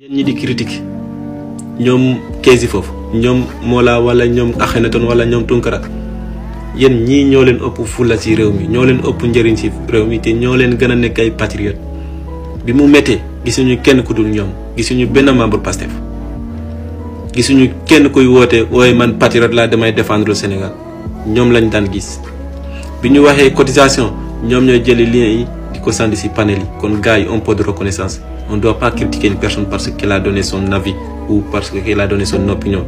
yéen ñi di critique ñoom keesi foofu ñoom Mollah wala ñoom Akhenaton wala ñoom Tunkara yéen ñii ñoo leen ëpp fulla ci réew mi ñoo leen ëpp njëriñ ci réew mi te ñoo leen gën a nekk ay patriote bi mu méttee gisuñu kenn ku dul ñoom gisuñu benn membre Pastef gisuñu kenn kuy woote wooye man patriote laa damay défendre le ñoom lañ daan gis bi ñu waxee cotisation ñoom ñoo jëli lien yi de ces ici comme qu'on gagne un peu de reconnaissance. On ne doit pas critiquer une personne parce qu'elle a donné son avis ou parce qu'elle a donné son opinion.